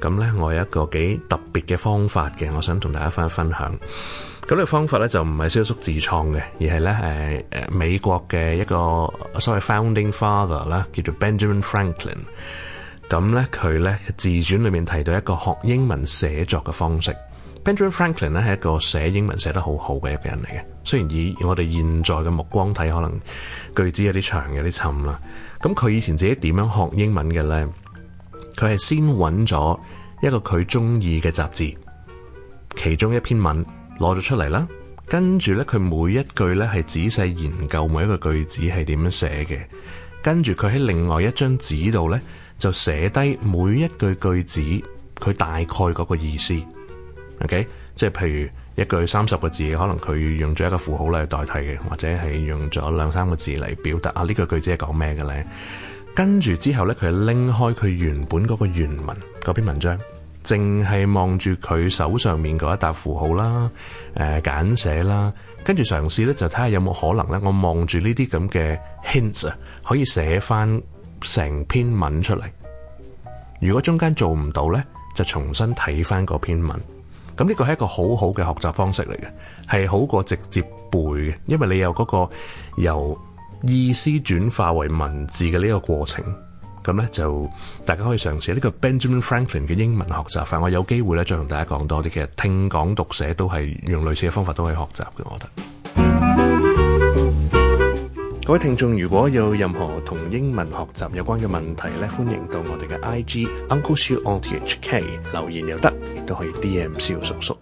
咁咧，我有一個幾特別嘅方法嘅，我想同大家分分享。咁呢個方法咧就唔係蕭叔自創嘅，而係咧誒誒美國嘅一個所謂 Founding Father 啦，叫做 Benjamin Franklin。咁咧佢咧自傳裏面提到一個學英文寫作嘅方式。Benjamin Franklin 咧係一個寫英文寫得好好嘅一個人嚟嘅。雖然以我哋現在嘅目光睇，可能句子有啲長，有啲沉啦。咁佢以前自己點樣學英文嘅咧？佢係先揾咗一個佢中意嘅雜誌，其中一篇文攞咗出嚟啦，跟住呢，佢每一句呢係仔細研究每一個句子係點樣寫嘅，跟住佢喺另外一張紙度呢，就寫低每一句句子佢大概嗰個意思，OK，即係譬如一句三十個字，可能佢用咗一個符號嚟代替嘅，或者係用咗兩三個字嚟表達啊呢個句子係講咩嘅呢？跟住之後咧，佢係拎開佢原本嗰個原文嗰篇文章，淨係望住佢手上面嗰一沓符號啦，誒、呃、簡寫啦，跟住嘗試咧就睇下有冇可能咧，我望住呢啲咁嘅 hints 啊可以寫翻成篇文出嚟。如果中間做唔到咧，就重新睇翻嗰篇文。咁呢個係一個好好嘅學習方式嚟嘅，係好過直接背嘅，因為你有嗰、嗰個由。意思轉化為文字嘅呢個過程，咁呢就大家可以嘗試呢個 Benjamin Franklin 嘅英文學習法。我有機會咧再同大家講多啲。其實聽講讀寫都係用類似嘅方法都可以學習嘅。我覺得。各位聽眾如果有任何同英文學習有關嘅問題呢，歡迎到我哋嘅 IG Uncle Siu on RTHK 留言又得，亦都可以 D M 蕭叔叔。